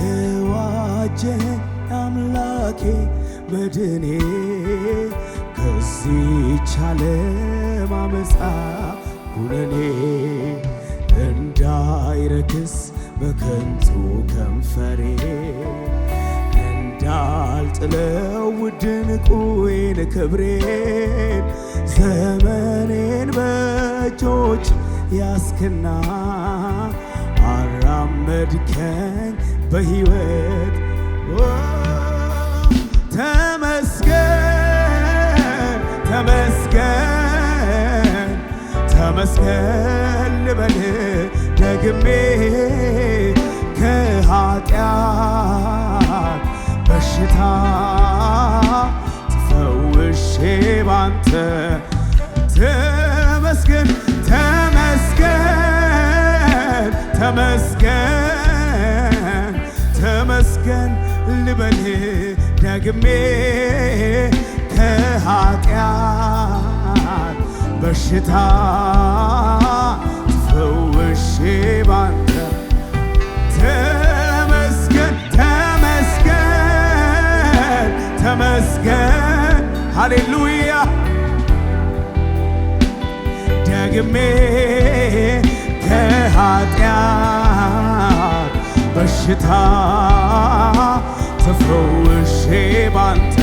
የዋጀኝ አምላኬ መድኔ ከዚች ዓለም አመፃ ኩነኔ እንዳይረክስ በከንቱ ከንፈሬ እንዳልጥለው ውድ ዕንቁዬን ክብሬን ዘመኔን በእጆች ያስክና አራመድከኝ በሕይወት ተመስገን ተመስገን ተመስገን ልበል ደግሜ ከኃጢአት በሽታ ተፈውሼ ባንተ ተመስገን ተመስገን ተመስገን ተመስገን ልበል ደግሜ ከኃጢአት በሽታ ፈውሼ ባንተ ተመስገን ተመስገን ተመስገን ሃሌሉያ ደግሜ በሽታ ተፈውሼ ባንተ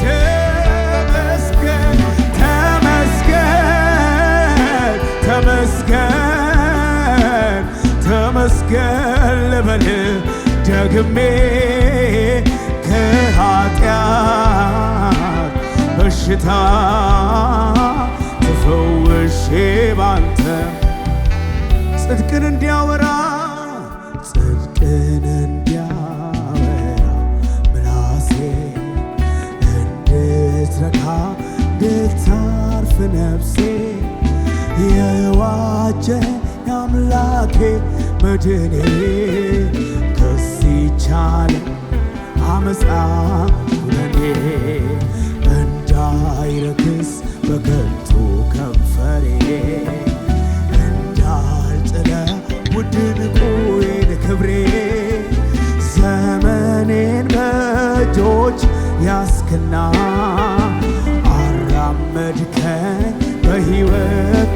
ተመስገን ተመስገን ተመስገን ተመስገን ልበል ደግሜ ከኃጢአት በሽታ ተፈውሼ ባንተ ጽድቅን እንዲያወራ እንድታርፍ ነፍሴ የዋጀ አምላኬ መድኔ ከስ ይቻለ አመፃ ሁነኔ እንዳይረክስ በከንቱ ከንፈሬ እንዳልጥለ ውድ ዕንቁዬን ክብሬ ዘመኔን በእጆች ያስክና አራመድከኝ በሕይወት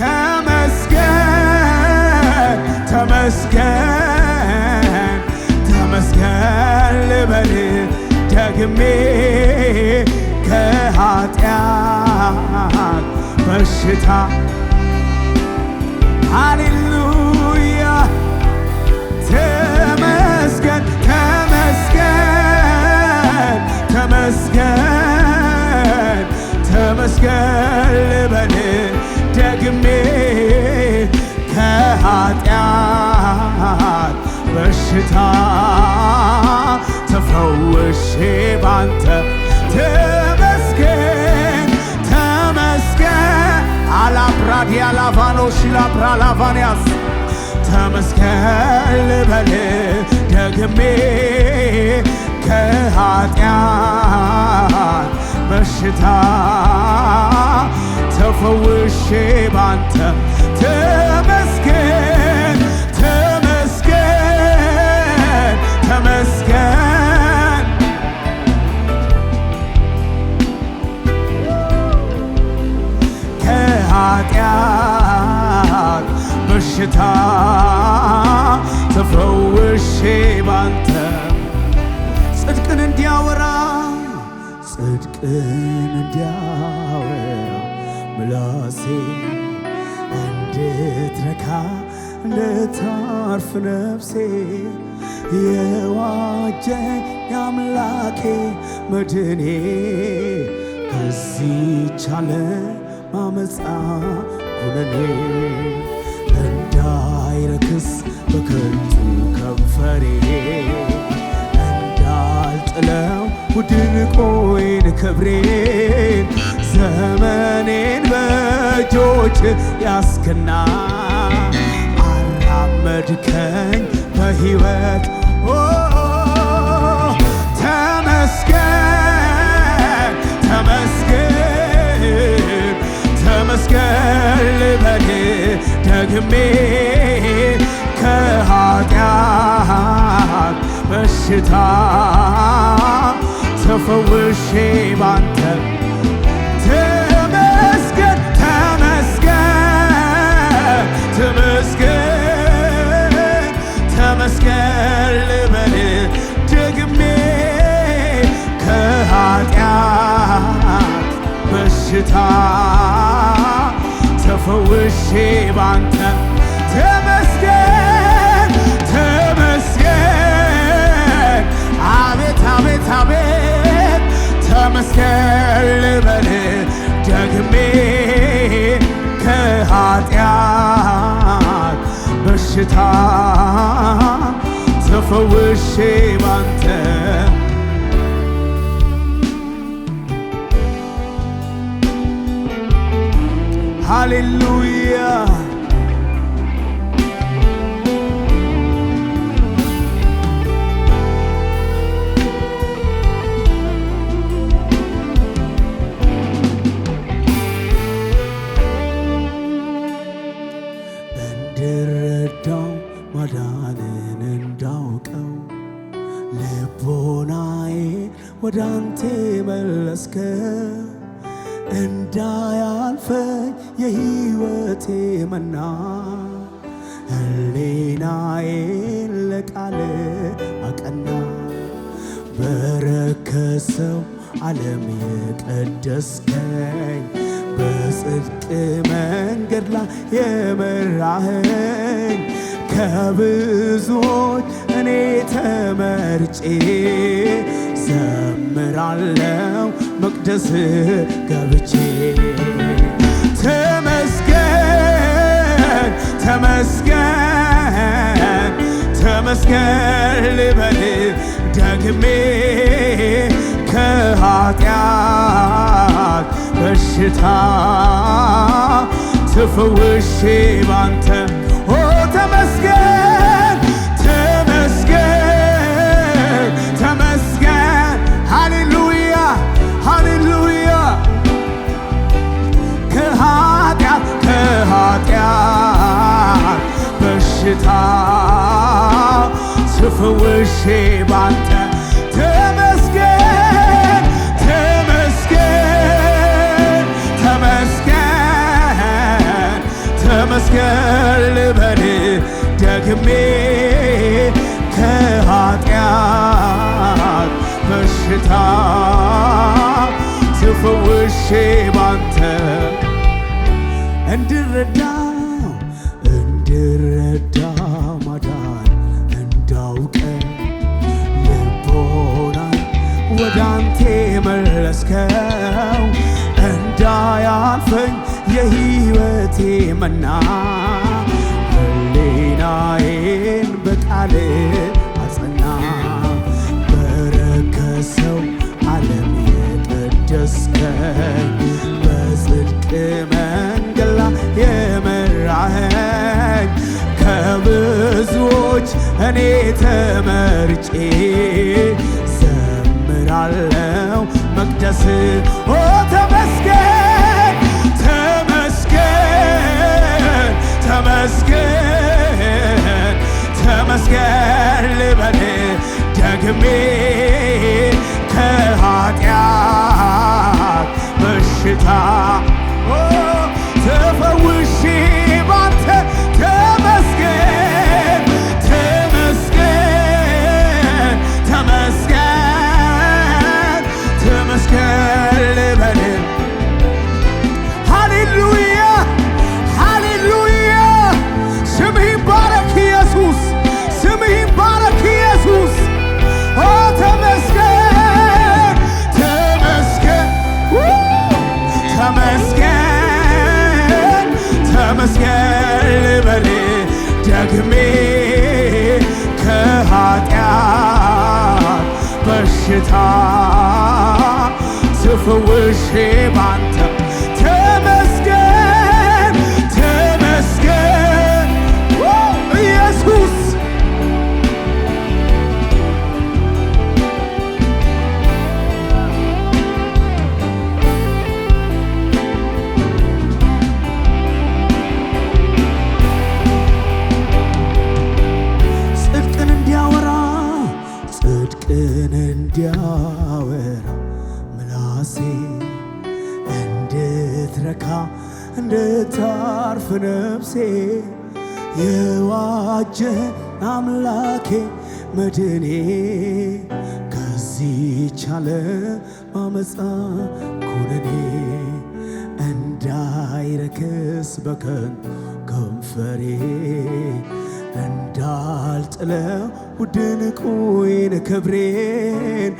ተመስገን ተመስገን ተመስገን ልበል ደግሜ ከኃጢአት በሽታ ሃሌሉያ ተመስገን ተመስገን ተመስገን ተመስገን ልበል ደግሜ ከኃጢአት በሽታ ተፈውሼ ባንተ ተመስገን ተመስገን አላፕራድ ያላፋኖሽ ላፕራ ላፋንያስ ተመስገን ልበል ደግሜ ከኃጢአት በሽታ ተፈውሼ ባንተ ተመስገን ተመስገን ተመስገን ከኃጢአት በሽታ ተፈውሼ ባንተ ጽድቅን እንዲያወራ ጽድቅን እንዲያወራ ምላሴ እንድትረካ እንድታርፍ ነፍሴ የዋጀ የአምላኬ መድኔ ከዚህ ቻለ ማመፃ ሁነኔ እንዳይረክስ በከንቱ ከንፈሬ ሳልጥለው ውድቆይን ክብሬን ዘመኔን በእጆች ያስክና አራመድከኝ በሕይወት ተመስገን ተመስገን ተመስገን ልበል ደግሜ ከኃጢአት በሽታ ተፈውሼ ባንተ ተመስገን ተመስገን ተመስገን ተመስገን ልበል ደግሜ ከኃጢአት በሽታ ተፈውሼ ባንተ ተመስገን ተመስገን አቤት አቤት አቤት ከልበል ደግሜ ከኃጢአት በሽታ ተፈውሼ ባንተ ከብዙዎች እኔ ተመርጬ ዘምራለው መቅደስ ገብቼ ተመስገን ተመስገን ተመስገን ልበል ደግሜ ከኃጢአት በሽታ ተፈውሼ ባንተ ኃጢአት በሽታ ስፍውሼ ባንተ ተመስገን ተመስገን ተመስገን ተመስገን ልበል ደግሜ ከኃጢአት በሽታ ስፍውሼ ባንተ እንድረዳው እንድረዳ ማዳን እንዳውቀ ልቦናን ወደ መለስከው እንዳያልፈኝ የሕይወቴ መና ሕሊናዬን በቃል እኔ ተመርጬ ዘምራለው መቅደስ ኦ ተመስገን ተመስገን ተመስገን ተመስገን ልበል ደግሜ ከኃጢአት በሽታ ተፈውሽ 他，这份为谁把？የዋጀ አምላኬ መድኔ ከዚህ ቻለ ማመፃ ኩነኔ እንዳይረክስ በከን ከንፈሬ እንዳልጥለው ውድንቁይን ክብሬን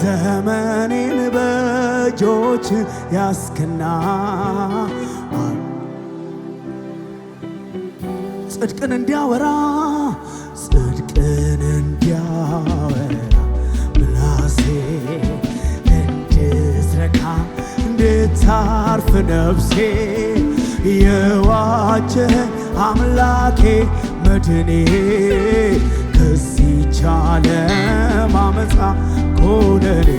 ዘመኔን በጆች ያስክና ጽድቅን እንዲያወራ ጽድቅን እንዲያወራ ምላሴ እንድትረካ እንድታርፍ ነፍሴ የዋጀ አምላኬ መድኔ ከዚቻለ ማመፃ ኮነኔ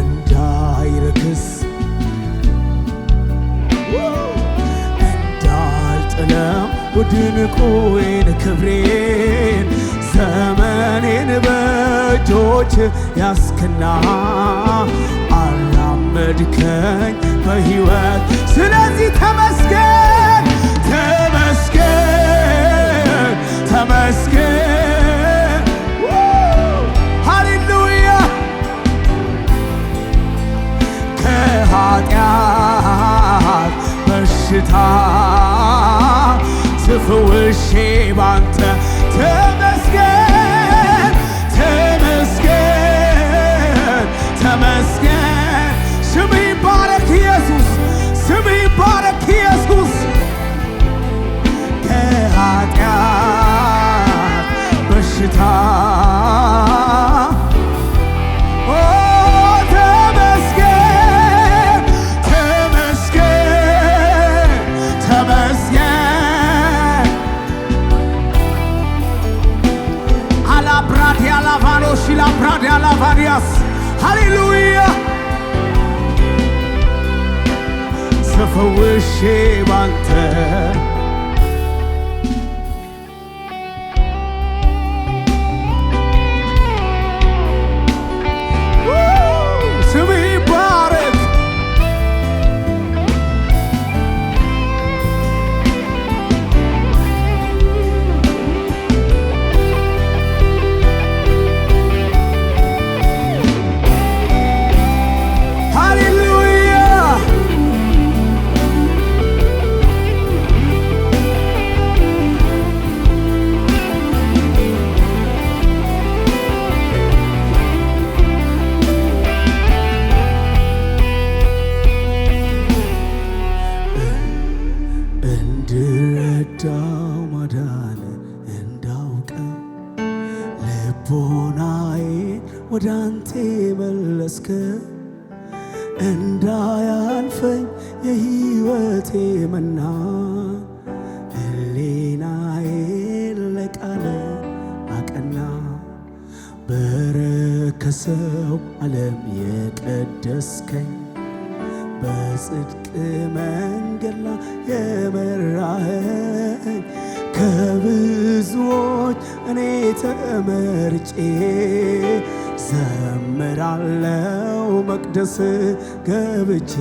እንዳይረክስ እንዳልጥለም ድንቁን ክብሬን ዘመኔን በእጆች ያስክና አላመድከኝ በሕይወት ስለዚህ ተመስገን ተመስገን ተመስገን ሃሌሉያ ከኃጢአት በሽታ ስፍውሼ ባንተ ተመስገን ተመስገን ተመስገን። ስም ይባረክ ኢየሱስ፣ ስም ይባረክ ኢየሱስ። ከኃጢአት በሽታ መቅደስ ገብቼ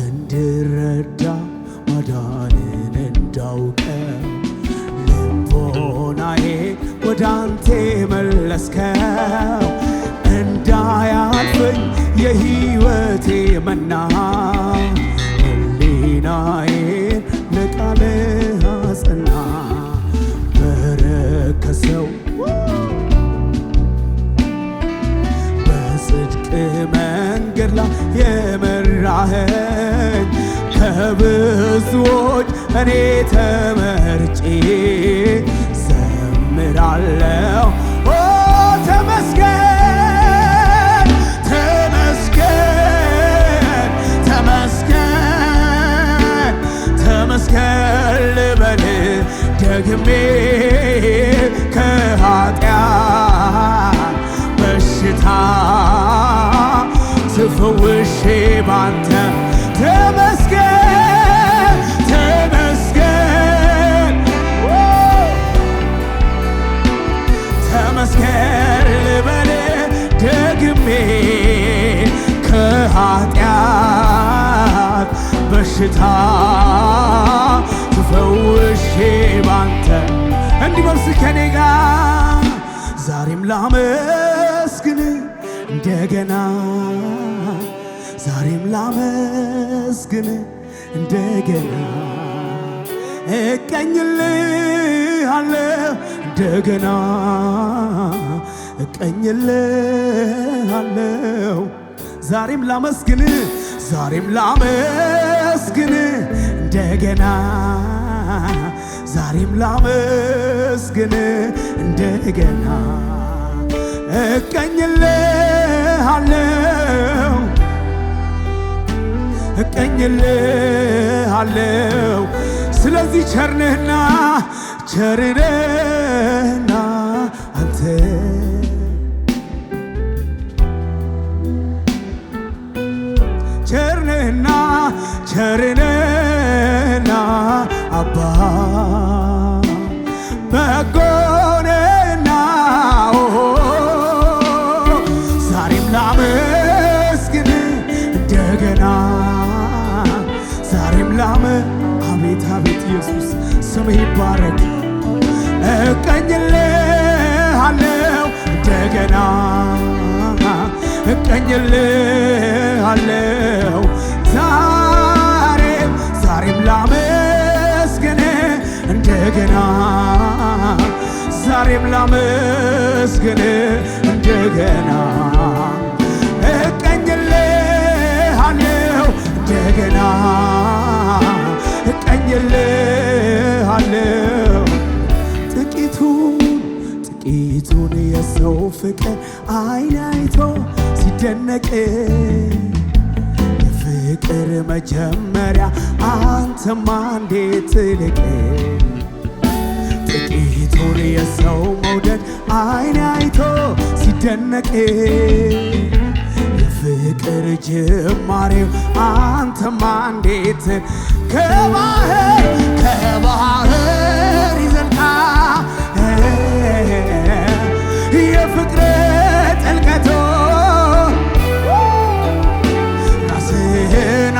እንድረዳ ማዳንን እንዳውቀ ልቦናዬ ወዳንቴ መለስከው እንዳያልፈኝ የሕይወቴ መና ህሊናዬ ጠራኸኝ ከብዙዎች እኔ ተመርጬ ዘምራለሁ ተመስገን ተመስገን ተመስገን ልበል ደግሜ ተፈውሼ ባንተ ተመስገን ተመስገን ተመስገን ልበል ደግሜ ከኃጢአት በሽታ ተፈውሼ ባንተ እንዲህ በል ከኔ ጋር ዛሬም ላመስግን እንደገና ዛሬም ላመስግን እንደገና እቀኝልሃለሁ እንደገና እቀኝልሃለሁ ዛሬም ላመስግን ዛሬም ላመስግን እንደገና ዛሬም ላመስግን እንደገና እቀኝልሃለሁ እቀኝልሃለሁ ስለዚህ ቸርነህና ቸርነህና አንተ ቸርነህና ቸርነህና አባ ስምህ ይባረክ። እቀኝልሃለሁ እንደገና እቀኝልሃለሁ ዛሬም ዛሬም ላመስግን እንደገና ዛሬም ላመስግን እንደገና እቀኝልሃለሁ እንደገና እጸልይልሃለሁ ጥቂቱን ጥቂቱን የሰው ፍቅር አይን አይቶ ሲደነቅ የፍቅር መጀመሪያ አንተማ እንዴት ትልቅ ጥቂቱን የሰው መውደድ አይን አይቶ ሲደነቅ የፍቅር ጅማሬው አንተማ እንዴት ከባህር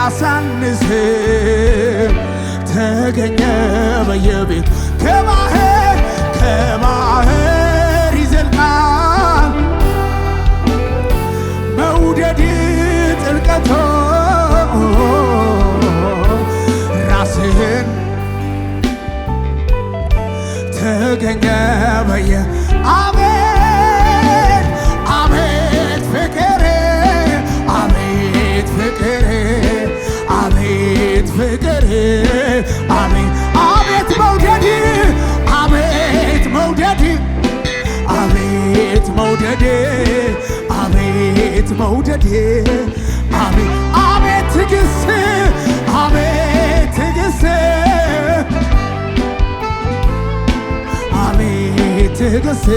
አሳንስ ተገኘ በየቤት ከባህር ከባህር ይዘልቃ መውደድ ጥልቀቶ ተገኘ በየ አቤት አቤት ፍቅሬ አቤት ፍቅሬ አቤት ፍቅሬ አቤት አቤት መውደድ አቤት መውደድ አቤት መውደድ አቤት መውደድ አቤት አቤት ትግስ አቤት ትግስ ትግስት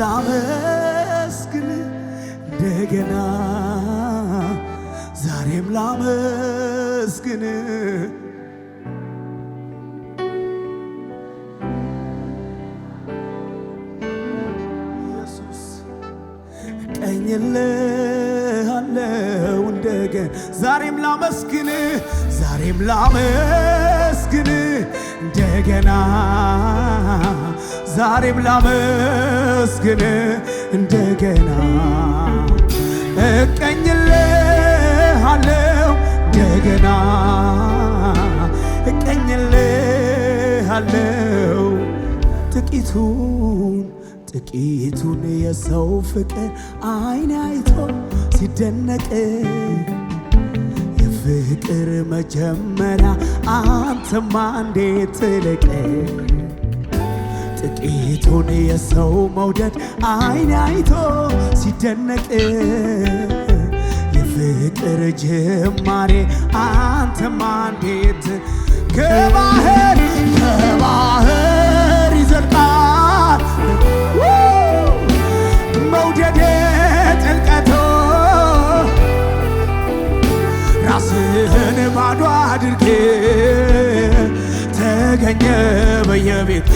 ላመስግን እንደገና ዛሬም ላመስግን ቀኝልሃለው እንደገና ዛሬም ላመስግን ዛሬም ላመስግን እንደገና ዛሬም ላመስግን እንደገና እቀኝልሃለው እንደገና እቀኝልሃለው ጥቂቱን ጥቂቱን የሰው ፍቅር አይን አይቶ ሲደነቅ የፍቅር መጀመሪያ አንተማ እንዴት ትልቅ ጥቂቱን የሰው መውደድ አይን አይቶ ሲደነቅ የፍቅር ጅማሬ አንተማ እንዴት ከባህር ከባህር ይዘልቃል መውደድ ጥልቀቶ ራስህን ባዶ አድርጌ ተገኘ በየቤት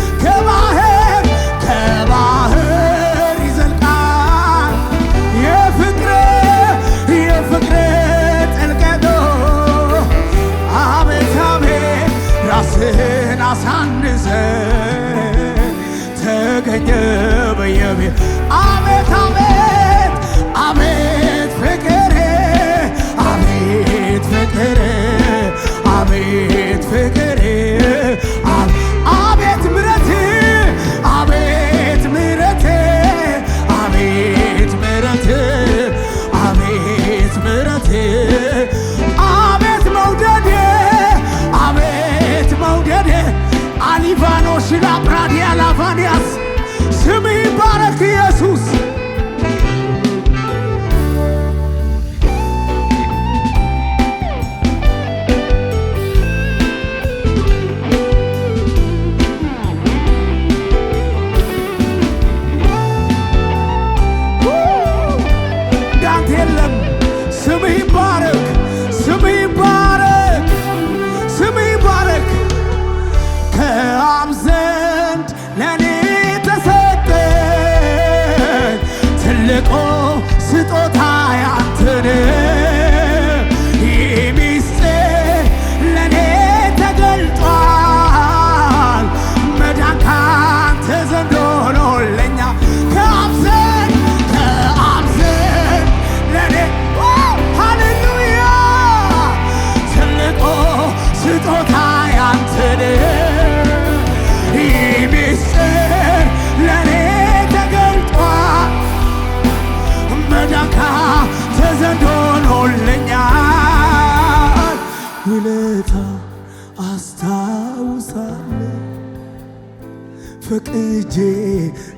ፈቅጄ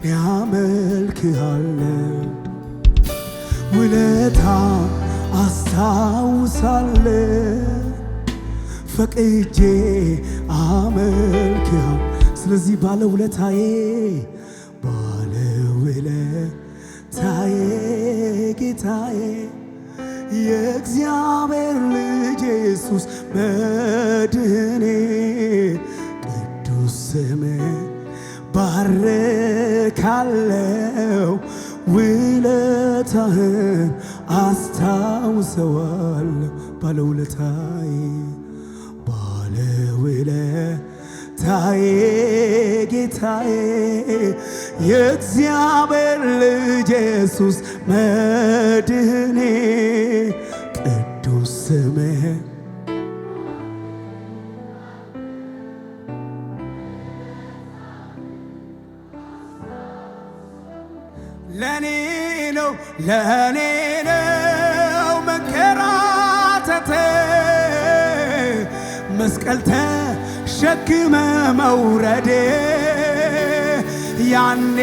ያመልክሃለው ውለታ አስታውሳለ ፈቅጄ ስለዚህ ባለ ውለታዬ ባለ ውለታዬ ጌታዬ የእግዚአብሔር ልጅ ኢየሱስ መድህኔ ቅዱስ ስም ባርካለው ውለታህን አስታውሰዋል ባለውለታዬ ባለውለታዬ ጌታዬ የእግዚአብሔር ልጅ ኢየሱስ መድህኔ ቅዱስ ስምህ ለእኔ ነው መንከራተት መስቀል ተሸክመ መውረድ ያኔ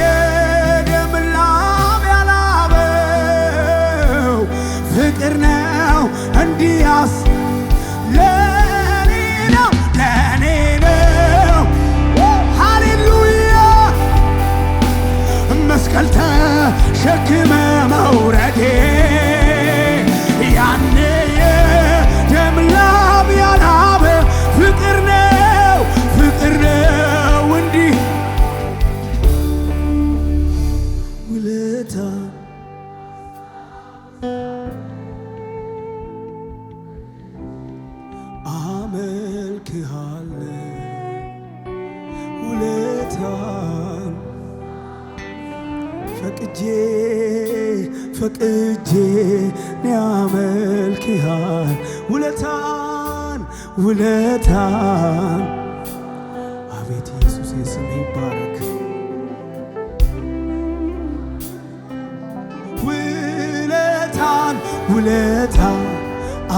የደም ላብ ያላበው ፍቅር ነው እንዲያስ ተሸክመ መውረዴ እጄን ያመልክሃል ውለታን ውለታን አቤት ኢየሱስ የስም ይባረክ ውለታን ውለታን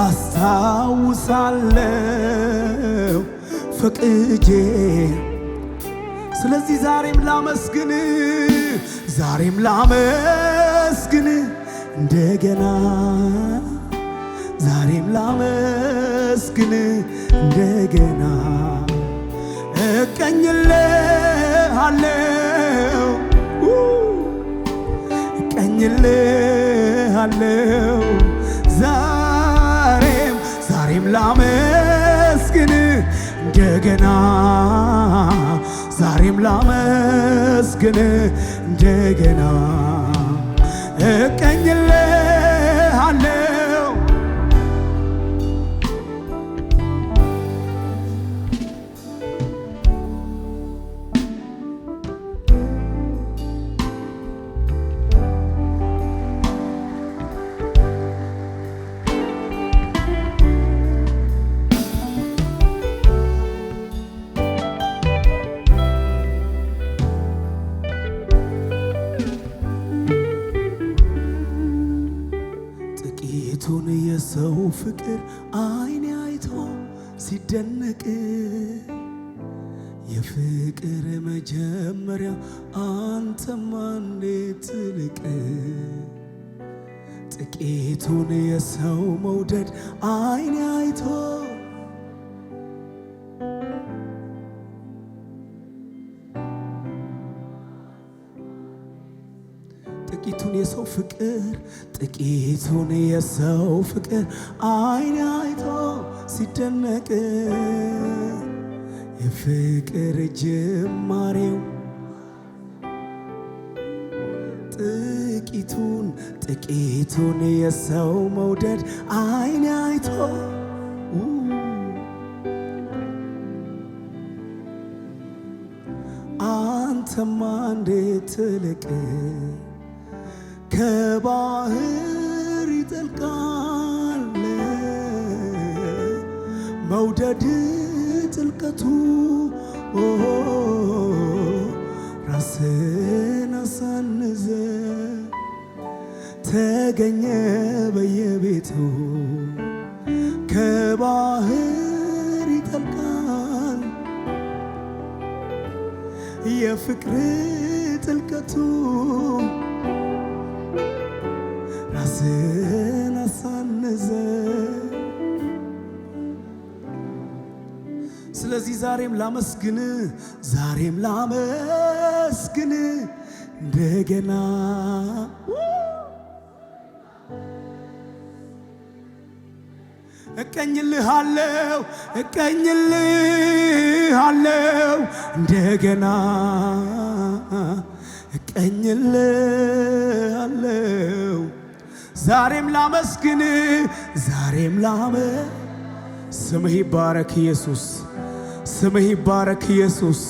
አስታውሳለው ፈቅጄ ስለዚህ ዛሬም ላመስግን ዛሬም ላመስግን እንደገና ዛሬም ላመስግን እንደገና እቀኝልሃለው እቀኝልሃለው ዛሬም ዛሬም ላመስግን እንደገና ዛሬም ላመስግን እንደገና ቀኝለ ጥቂቱን የሰው ፍቅር ጥቂቱን የሰው ፍቅር አይን አይቶ ሲደነቅ የፍቅር ጅማሬው ጥቂቱን ጥቂቱን የሰው መውደድ አይን አይቶ አንተማ እንዴት ትልቅ ከባህር ይጠልቃል መውደድ ጥልቀቱ ራስን አሳንዘ ተገኘ በየቤቱ ከባህር ይጠልቃል የፍቅር ጥልቀቱ ነፍስን አሳነዘ። ስለዚህ ዛሬም ላመስግን፣ ዛሬም ላመስግን እንደገና እቀኝልሃለው እቀኝልሃለው እንደገና እቀኝልሃለው ዛሬም ላመስግን ዛሬም ላመ ስምህ ይባረክ ኢየሱስ ስምህ ይባረክ ኢየሱስ